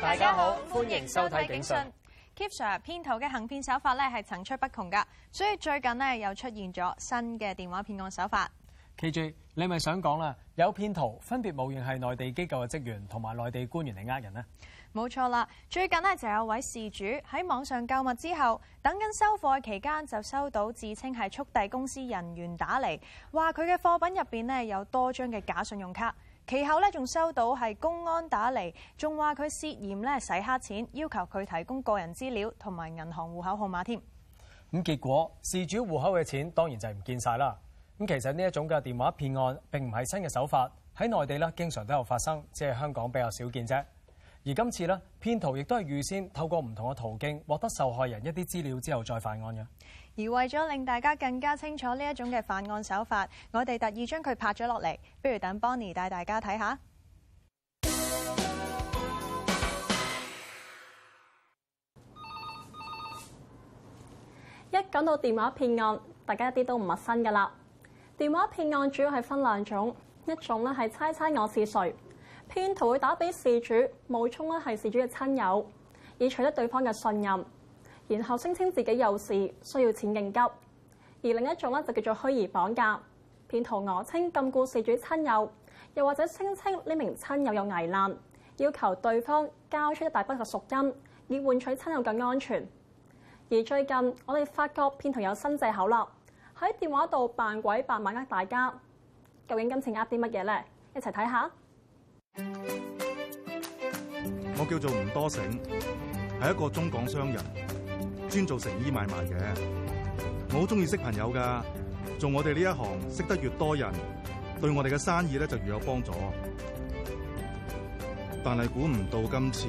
大家好，歡迎收睇《警訊》。Kee Sir，騙徒嘅行騙手法咧係層出不窮噶所以最近呢又出現咗新嘅電話騙案手法。記住，你咪想講啦，有騙徒分別冒認係內地機構嘅職員同埋內地官員嚟呃人咧。冇錯啦，最近咧就有位事主喺網上購物之後，等緊收貨期間就收到自稱係速遞公司人員打嚟，話佢嘅貨品入邊咧有多張嘅假信用卡。其後咧仲收到係公安打嚟，仲話佢涉嫌咧洗黑錢，要求佢提供個人資料同埋銀行戶口號碼添。咁結果事主戶口嘅錢當然就係唔見晒啦。咁其實呢一種嘅電話騙案並唔係新嘅手法，喺內地咧經常都有發生，只係香港比較少見啫。而今次咧，騙徒亦都係預先透過唔同嘅途徑獲得受害人一啲資料之後再犯案嘅。而為咗令大家更加清楚呢一種嘅犯案手法，我哋特意將佢拍咗落嚟，不如等 Bonnie 帶大家睇下。一講到電話騙案，大家一啲都唔陌生㗎喇。電話騙案主要係分兩種，一種咧係猜猜我是誰。騙徒會打俾事主，冒充咧係事主嘅親友，以取得對方嘅信任，然後聲稱自己有事需要錢應急。而另一種咧就叫做虛擬綁架，騙徒訛稱禁錮事主親友，又或者聲稱呢名親友有危難，要求對方交出一大筆嘅贖金，以換取親友嘅安全。而最近我哋發覺騙徒有新藉口啦，喺電話度扮鬼扮馬呃大家，究竟今次呃啲乜嘢呢？一齊睇下。我叫做吳多醒，係一個中港商人，專做成衣買賣嘅。我好中意識朋友噶，做我哋呢一行，識得越多人，對我哋嘅生意咧就越有幫助。但係估唔到今次。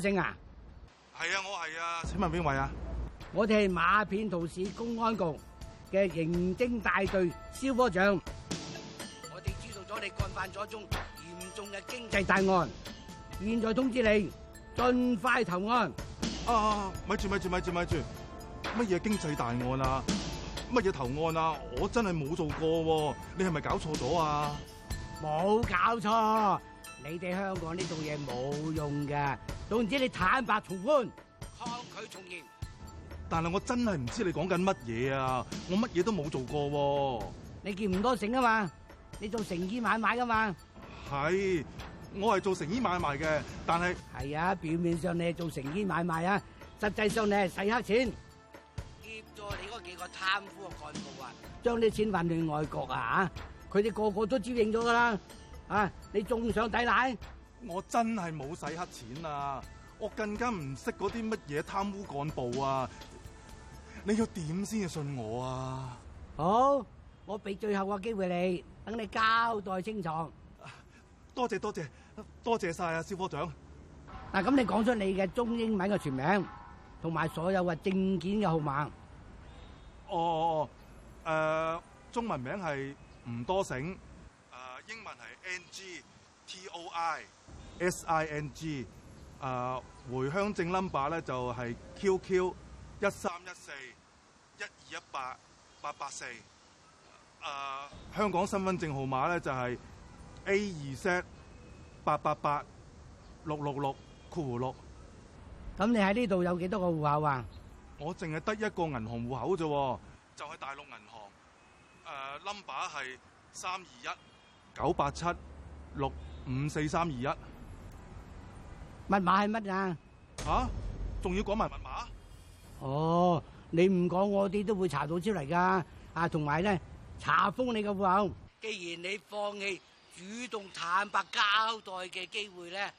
姓啊，係啊，我係啊，請問邊位啊？我哋係馬片圖市公安局嘅刑偵大隊蕭科長。我哋知道咗你干犯咗一宗嚴重嘅經濟大案，現在通知你盡快投案。啊，咪住咪住咪住咪住，乜嘢經濟大案啊？乜嘢投案啊？我真係冇做過，你係咪搞錯咗啊？冇搞錯，你哋香港呢度嘢冇用㗎。都唔知你坦白從寬，抗拒從嚴。但係我真係唔知你講緊乜嘢啊！我乜嘢都冇做過。你見唔多成啊嘛？你做成衣買賣噶嘛？係，我係做成衣買賣嘅，但係係啊！表面上你係做成衣買賣啊，實際上你係洗黑錢，協助你嗰幾個貪污嘅幹部啊，將啲錢運去外國啊吓！佢哋個個都招認咗噶啦啊！你仲想抵賴。我真係冇洗黑錢啊！我更加唔識嗰啲乜嘢貪污幹部啊！你要點先至信我啊？好，我俾最後個機會你，等你交代清楚。多謝多謝多謝晒啊，肖科長。嗱，咁你講出你嘅中英文嘅全名，同埋所有嘅證件嘅號碼。哦哦哦，誒、呃，中文名係吳多醒，誒、呃，英文係 N G T O I。S I N G，呃、回鄉證 number 咧就係 QQ 一三一四一二一八八八四，啊香港身份證號碼咧就係 A 二 set 八八八六六六括弧六。咁你喺呢度有幾多個戶口啊？我淨係得一個銀行戶口啫。就係大陸銀行，number 係三二一九八七六五四三二一。呃密碼係乜啊？吓，仲要講埋密碼？哦，你唔講我哋都會查到出嚟噶。啊，同埋咧，查封你嘅戶口。既然你放棄主動坦白交代嘅機會咧，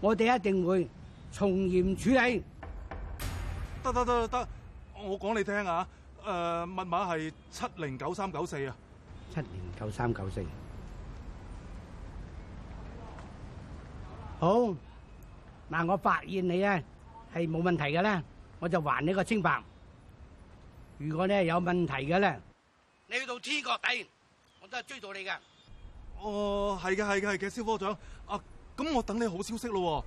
我哋一定會從嚴處理。得得得得，我講你聽啊。誒，密碼係七零九三九四啊。七零九三九四，好。嗱，我發現你咧係冇問題嘅咧，我就還你個清白。如果你係有問題嘅咧，你去到天腳底，我真係追到你嘅。哦，係嘅，係嘅，係嘅，肖科長。啊，咁我等你好消息咯。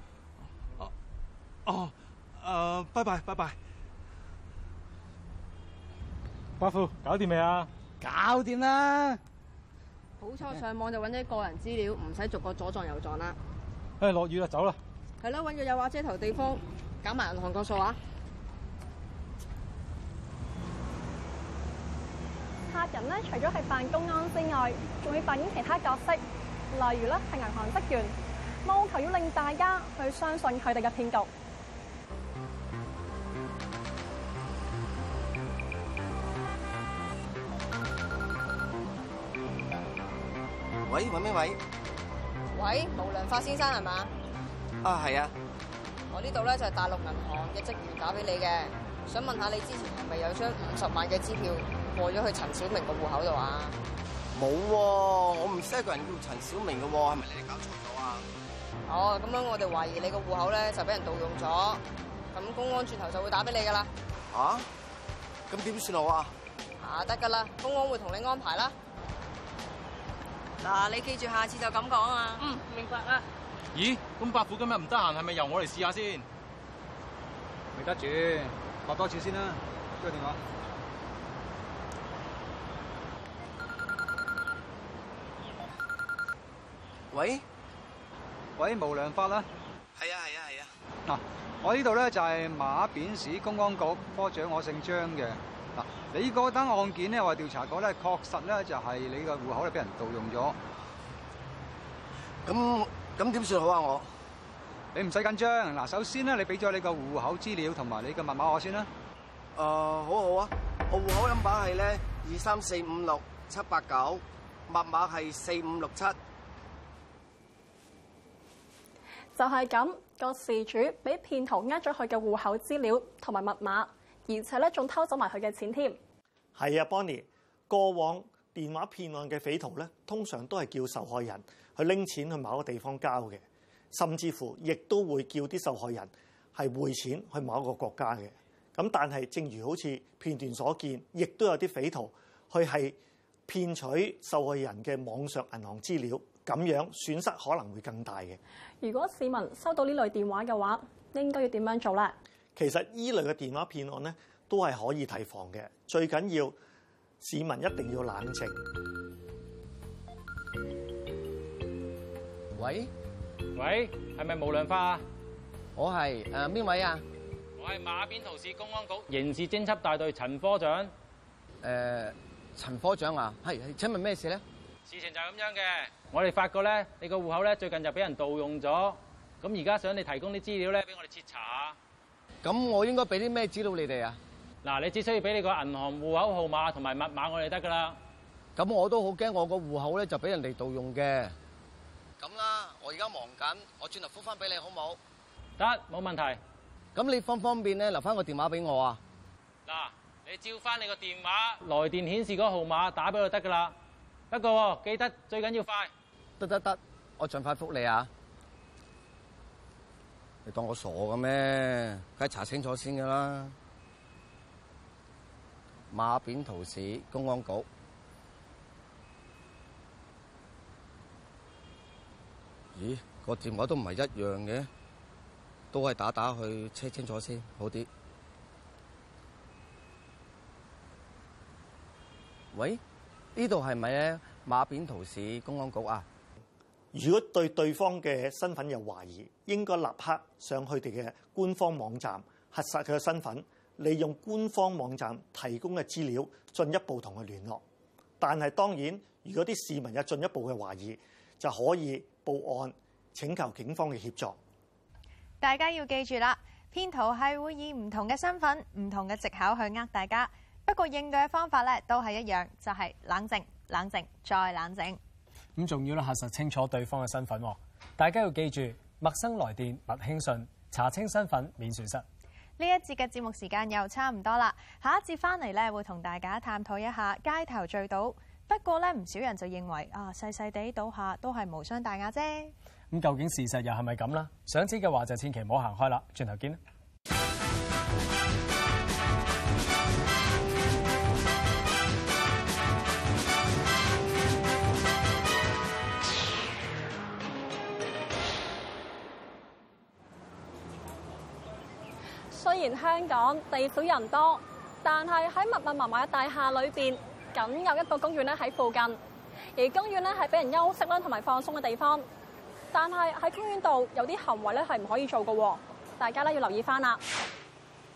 哦，哦，誒，拜拜，拜拜。伯父，搞掂未啊？搞掂啦。好彩上網就揾啲個人資料，唔使逐個左撞右撞啦。誒，落雨啦，走啦。係啦，揾個有瓦遮頭地方，搞埋銀行個數啊。客人咧，除咗係扮公安之外，仲要扮演其他角色，例如咧係銀行職員，務求要令大家去相信佢哋嘅騙局。喂，揾咩位？喂，無良發先生係嘛？啊，係啊！我呢度咧就係大陸銀行嘅職員打俾你嘅，想問下你之前係咪有張五十萬嘅支票過咗去陳小明嘅戶口度啊？冇，我唔識一個人叫陳小明嘅，係咪你搞錯咗啊？哦，咁樣我哋懷疑你個戶口咧就俾人盜用咗，咁公安轉頭就會打俾你噶啦。啊？咁點算好啊？啊，得噶啦，公安會同你安排啦。嗱，你記住下次就咁講啊。嗯，明白啦。咦，咁伯父今日唔得閒，係咪由我嚟試下先？未得住，發多次先啦。接個電話。喂？喂，無良發啦。係啊，係啊，係啊。嗱、啊，我呢度咧就係馬扁市公安局科長，我姓張嘅。嗱、啊，你嗰單案件咧，我調查過咧，確實咧就係你個戶口咧俾人盜用咗。咁。咁點算好啊？我你唔使緊張。嗱，首先咧，你俾咗你個戶口資料同埋你嘅密碼我先啦。誒，好好啊。我戶口 number 係咧二三四五六七八九，密碼係四五六七。就係咁，個事主俾騙徒呃咗佢嘅戶口資料同埋密碼，而且咧仲偷走埋佢嘅錢添。係啊，Bonnie。過往電話騙案嘅匪徒咧，通常都係叫受害人。去拎錢去某個地方交嘅，甚至乎亦都會叫啲受害人係匯錢去某一個國家嘅。咁但係正如好似片段所見，亦都有啲匪徒去係騙取受害人嘅網上銀行資料，咁樣損失可能會更大嘅。如果市民收到呢類電話嘅話，應該要點樣做呢？其實呢類嘅電話騙案呢，都係可以提防嘅。最緊要，市民一定要冷靜。喂喂，係咪吳良化？我係，誒，邊位啊？我係馬邊圖市公安局刑事偵緝大隊陳科長。誒，陳科長啊，係請問咩事咧？事情就係咁樣嘅，我哋發覺咧，你個戶口咧最近就俾人盜用咗，咁而家想你提供啲資料咧俾我哋徹查啊。咁我應該俾啲咩資料你哋啊？嗱，你只需要俾你個銀行戶口號碼同埋密碼我哋得噶啦。咁我都好驚我個戶口咧就俾人哋盜用嘅。咁啦。我而家忙緊，我轉頭覆翻畀你好冇？咦，個電話都唔係一樣嘅，都係打打去，查清楚先好啲。喂，呢度係咪咧，馬扁圖市公安局啊？如果對對方嘅身份有懷疑，應該立刻上佢哋嘅官方網站核實佢嘅身份，利用官方網站提供嘅資料進一步同佢聯絡。但係當然，如果啲市民有進一步嘅懷疑，就可以報案，請求警方嘅協助。大家要記住啦，騙徒係會以唔同嘅身份、唔同嘅藉口去呃大家，不過應對嘅方法咧都係一樣，就係、是、冷靜、冷靜再冷靜。咁仲要啦，核實清楚對方嘅身份。大家要記住，陌生來電勿輕信，查清身份免損失。呢一節嘅節目時間又差唔多啦，下一節翻嚟咧會同大家探討一下街頭醉倒。不過咧，唔少人就認為啊，細細地倒下都係無傷大雅啫。咁究竟事實又係咪咁啦？想知嘅話就千祈唔好行開啦。轉頭見。雖然香港地少人多，但係喺密密麻麻嘅大廈裏邊，僅有一個公園咧喺附近，而公園咧係俾人休息啦同埋放鬆嘅地方。但係喺公園度有啲行為咧係唔可以做嘅，大家咧要留意翻啦。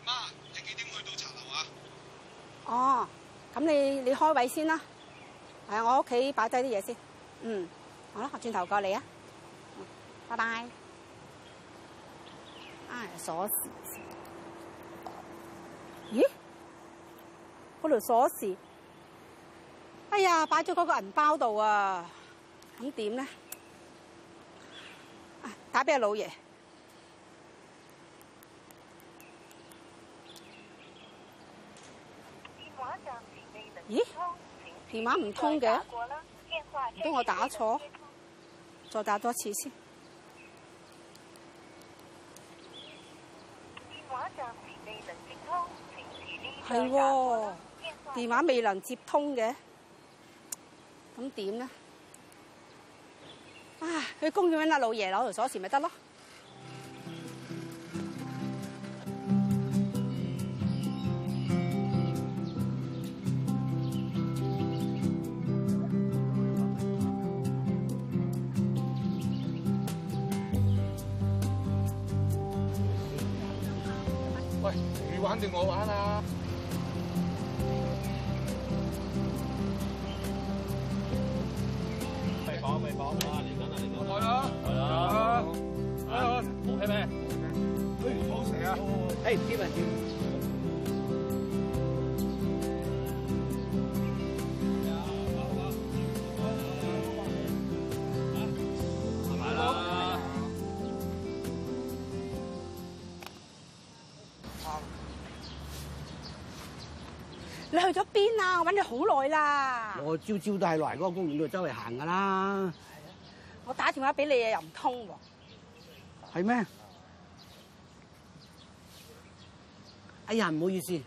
媽，你幾點去到茶樓啊？哦，咁你你開位先啦。係啊，我屋企擺低啲嘢先。嗯，好啦，轉頭過嚟啊。拜拜。啊、哎，鎖匙。咦？嗰條鎖匙。哎呀，擺咗嗰個銀包度啊！咁點呢？打俾阿老爺。咦？電話唔通嘅？幫我打錯？再打多次先。係喎，電話未能接通嘅。咁點咧？啊，去公園啦，老爺攞條鎖匙咪得咯。喂，你玩定我玩啊？你去咗邊啊？我揾你好耐啦！我朝朝都係嚟嗰個公園度周圍行噶啦。我打電話俾你啊，又唔通喎。係咩？哎呀，唔好意思，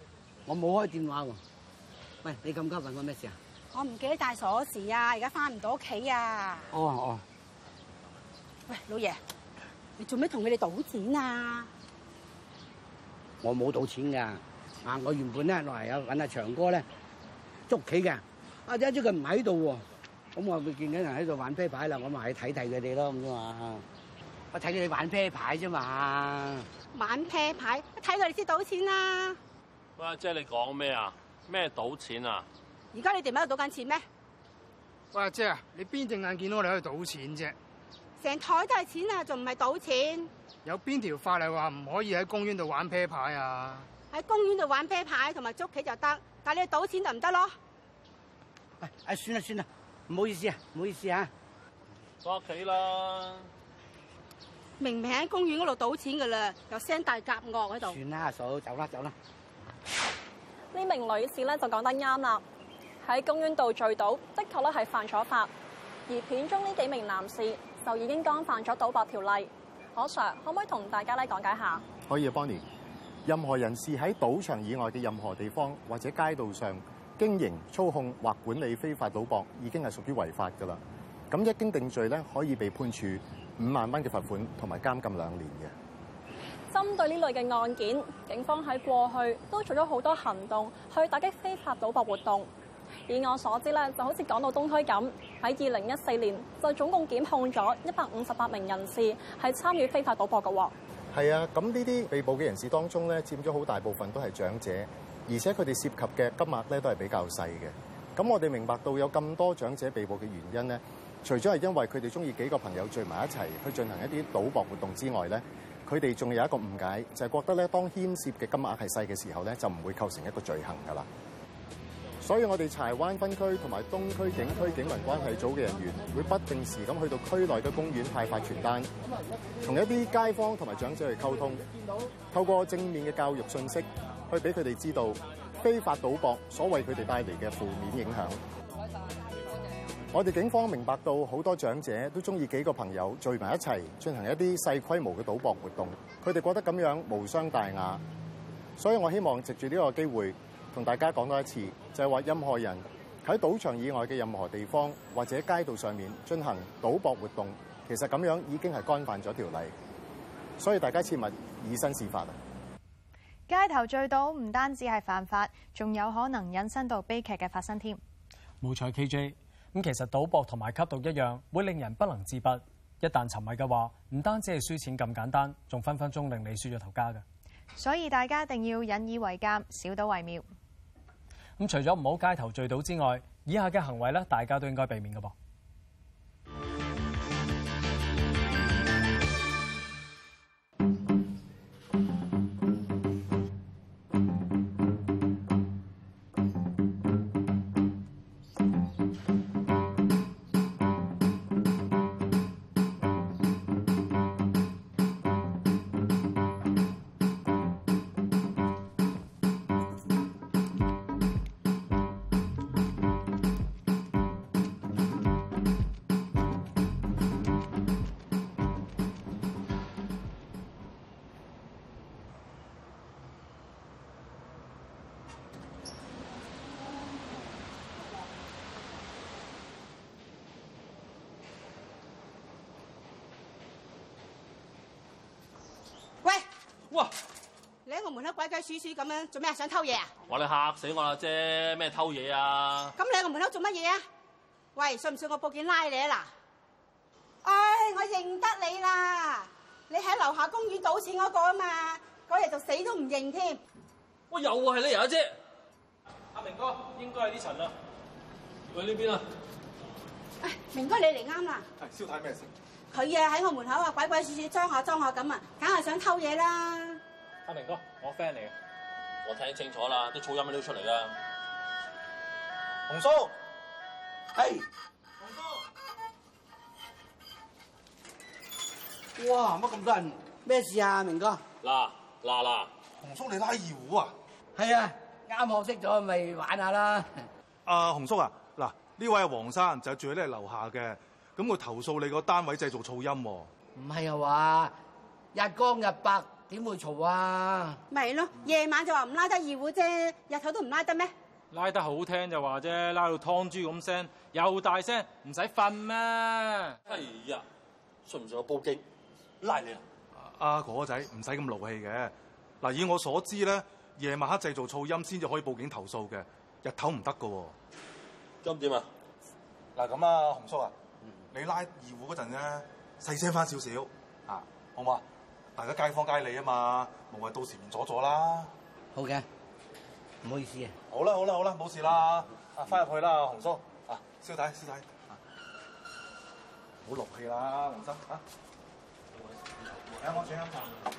我冇開電話喎。喂，你咁急問我咩事啊？我唔記得帶鎖匙啊，而家返唔到屋企啊。哦哦。喂，老爺，你做咩同佢哋賭錢啊？我冇賭錢㗎，啊，我原本咧落嚟有搵阿長哥咧捉棋嘅，啊，一朝佢唔喺度喎，咁我見有人喺度玩啤牌啦，我咪去睇睇佢哋咯，咁樣啊。我睇到你玩啤牌啫嘛？玩啤牌，睇佢哋先賭錢啦，啊！喂，阿姐，你講咩啊？咩賭錢啊？而家你哋喺度賭緊錢咩？喂，阿姐啊，你邊隻眼見到我哋喺度賭錢啫？成台都係錢啊，仲唔係賭錢？有邊條法例話唔可以喺公園度玩啤牌啊？喺公園度玩啤牌同埋捉棋就得，但係你去賭錢就唔得咯。哎，算啦算啦，唔好，好意思啊，唔好意思啊，翻屋企啦。明明喺公園嗰度賭錢噶啦，有聲大夾惡喺度。算啦，阿嫂，走啦，走啦。呢名女士咧就講得啱啦，喺公園度聚賭，的確咧係犯咗法。而片中呢幾名男士就已經干犯咗賭博條例。可 Sir，可唔可以同大家咧講解下？可以啊，Bonnie。任何人士喺賭場以外嘅任何地方或者街道上經營、操控或管理非法賭博，已經係屬於違法噶啦。咁一經定罪咧，可以被判處五萬蚊嘅罰款同埋監禁兩年嘅。針對呢類嘅案件，警方喺過去都做咗好多行動去打擊非法賭博活動。以我所知咧，就好似講到東區咁，喺二零一四年就總共檢控咗一百五十八名人士係參與非法賭博嘅喎。係啊，咁呢啲被捕嘅人士當中咧，佔咗好大部分都係長者，而且佢哋涉及嘅金額咧都係比較細嘅。咁我哋明白到有咁多長者被捕嘅原因咧，除咗係因為佢哋中意幾個朋友聚埋一齊去進行一啲賭博活動之外咧，佢哋仲有一個誤解，就係覺得咧，當牽涉嘅金額係細嘅時候咧，就唔會構成一個罪行噶啦。所以，我哋柴灣分區同埋東區警區警民關係組嘅人員會不定時咁去到區內嘅公園派發傳單，同一啲街坊同埋長者去溝通，透過正面嘅教育信息去俾佢哋知道非法賭博所為佢哋帶嚟嘅負面影響。我哋警方明白到好多長者都中意幾個朋友聚埋一齊進行一啲細規模嘅賭博活動，佢哋覺得咁樣無傷大雅，所以我希望藉住呢個機會同大家講多一次，就係話任何人喺賭場以外嘅任何地方或者街道上面進行賭博活動，其實咁樣已經係干犯咗條例，所以大家切勿以身試法啊！街頭聚賭唔單止係犯法，仲有可能引申到悲劇嘅發生添。冇錯，KJ。咁其實賭博同埋吸毒一樣，會令人不能自拔。一旦沉迷嘅話，唔單止係輸錢咁簡單，仲分分鐘令你輸咗頭家嘅。所以大家一定要引以為戒，少賭為妙。咁除咗唔好街頭聚賭之外，以下嘅行為咧，大家都應該避免嘅噃。哇！你喺我門口鬼鬼祟祟咁樣做咩？想偷嘢啊？話你嚇死我啦啫！咩偷嘢啊？咁你喺我門口做乜嘢啊？喂，信唔信我報警拉你啊？嗱，唉，我認得你啦，你喺樓下公園賭錢嗰個啊嘛，嗰日就死都唔認添。哇！又係你啊，姐。阿明哥，應該係呢層啊，去呢邊啊。哎，明哥你嚟啱啦。係，蕭太咩事？佢呀喺我門口啊，鬼鬼祟祟裝下裝下咁啊，梗係想偷嘢啦。阿明哥，我 friend 嚟嘅。我聽清楚啦，啲噪音都出嚟啦。Hey，紅叔，係。紅叔。哇，乜咁多人？咩事啊，明哥？嗱，嗱嗱。紅叔你拉二胡啊？係啊，啱學識咗咪玩下啦。阿紅叔啊，嗱呢、啊、位係黃生，就是、住喺你樓下嘅。咁佢投訴你個單位製造噪音。唔係啊話，日光日白點會嘈啊！咪咯，夜晚就話唔拉得二胡啫，日頭都唔拉得咩？拉得好聽就話啫，拉到湯豬咁聲又大聲，唔使瞓咩？哎呀，信唔信我報警？拉你啊！阿哥哥仔唔使咁勞氣嘅。嗱，以我所知咧，夜晚黑製造噪音先至可以報警投訴嘅，日頭唔得噶。咁點啊？嗱，咁啊，洪叔啊，嗯、你拉二胡嗰陣咧細聲翻少少啊，好唔好啊？大家街坊街裏啊嘛，無謂到時亂阻阻啦。好嘅，唔好意思啊。好啦好啦好啦，冇事啦。啊、嗯，翻、嗯、入去啦，洪、嗯、叔。啊，小弟小弟，唔好勞氣啦，林生，啊，啊。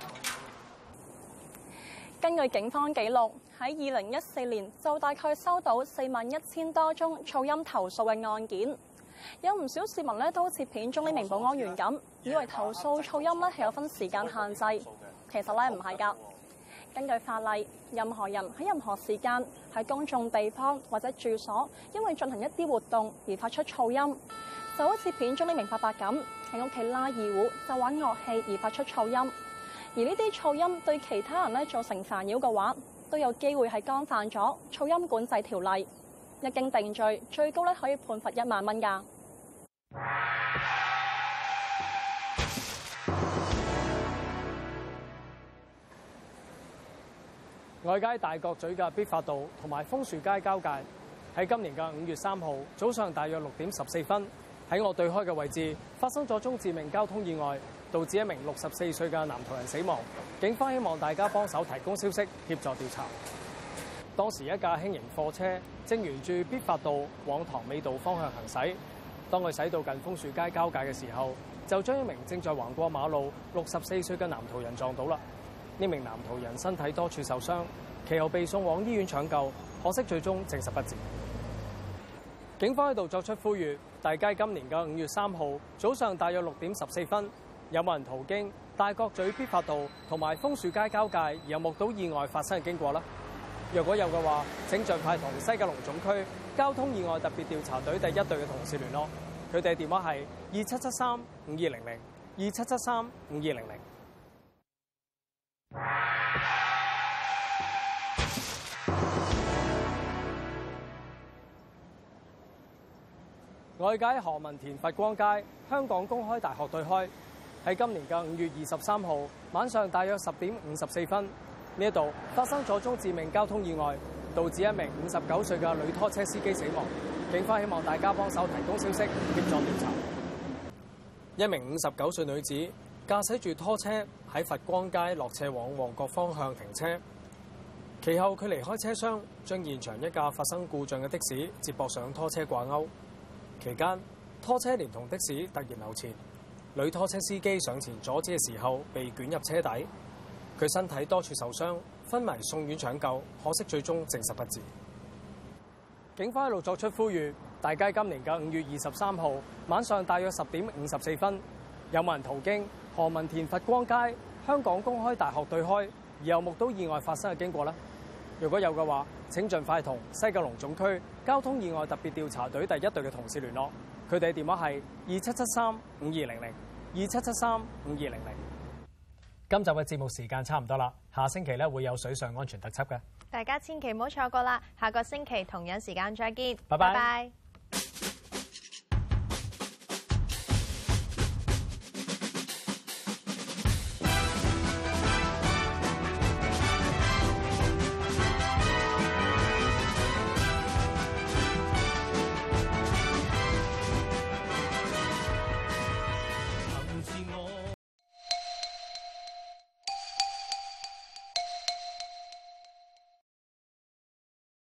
根據警方記錄，喺二零一四年就大概收到四萬一千多宗噪音投訴嘅案件。有唔少市民咧都好似片中呢名保安員咁，以為投訴噪音咧係有分時間限制，的其實咧唔係噶。根據法例，任何人喺任何時間喺公眾地方或者住所，因為進行一啲活動而發出噪音，就好似片中呢名伯伯咁喺屋企拉二胡，就玩樂器而發出噪音，而呢啲噪音對其他人咧造成煩擾嘅話，都有機會係干犯咗噪音管制條例。一經定罪，最高咧可以判罰一萬蚊噶。外街大角咀嘅必發道同埋楓樹街交界，喺今年嘅五月三號早上大約六點十四分，喺我對開嘅位置發生咗宗致命交通意外，導致一名六十四歲嘅男途人死亡。警方希望大家幫手提供消息，協助調查。當時一架輕型貨車正沿住必發道往塘尾道方向行駛，當佢駛到近楓樹街交界嘅時候，就將一名正在橫過馬路六十四歲嘅男途人撞到啦。呢名男途人身體多處受傷，其後被送往醫院搶救，可惜最終證實不治。警方喺度作出呼籲：大街今年嘅五月三號早上大約六點十四分，有冇人途經大角咀必發道同埋楓樹街交界，有冇目睹意外發生嘅經過呢？」若果有嘅話，請盡快同西九龍總區交通意外特別調查隊第一隊嘅同事聯絡，佢哋電話係二七七三五二零零二七七三五二零零。外界何文田佛光街香港公開大學對開，喺今年嘅五月二十三號晚上大約十點五十四分。呢度發生咗宗致命交通意外，導致一名五十九歲嘅女拖車司機死亡。警方希望大家幫手提供消息協助調查。一名五十九歲女子駕駛住拖車喺佛光街落斜往旺角方向停車，其後佢離開車廂，將現場一架發生故障嘅的、的士接駁上拖車掛鉤。期間拖車連同的士突然流前，女拖車司機上前阻止嘅時候被捲入車底。佢身體多處受傷，昏迷送院搶救，可惜最終證實不治。警方一路作出呼籲，大街今年嘅五月二十三號晚上大約十點五十四分，有冇人途經何文田佛光街香港公開大學對開而有目睹意外發生嘅經過呢？如果有嘅話，請盡快同西九龍總區交通意外特別調查隊第一隊嘅同事聯絡，佢哋電話係二七七三五二零零二七七三五二零零。今集嘅節目時間差唔多啦，下星期咧，會有水上安全特輯嘅，大家千祈唔好錯過啦。下個星期同樣時間再見，拜拜。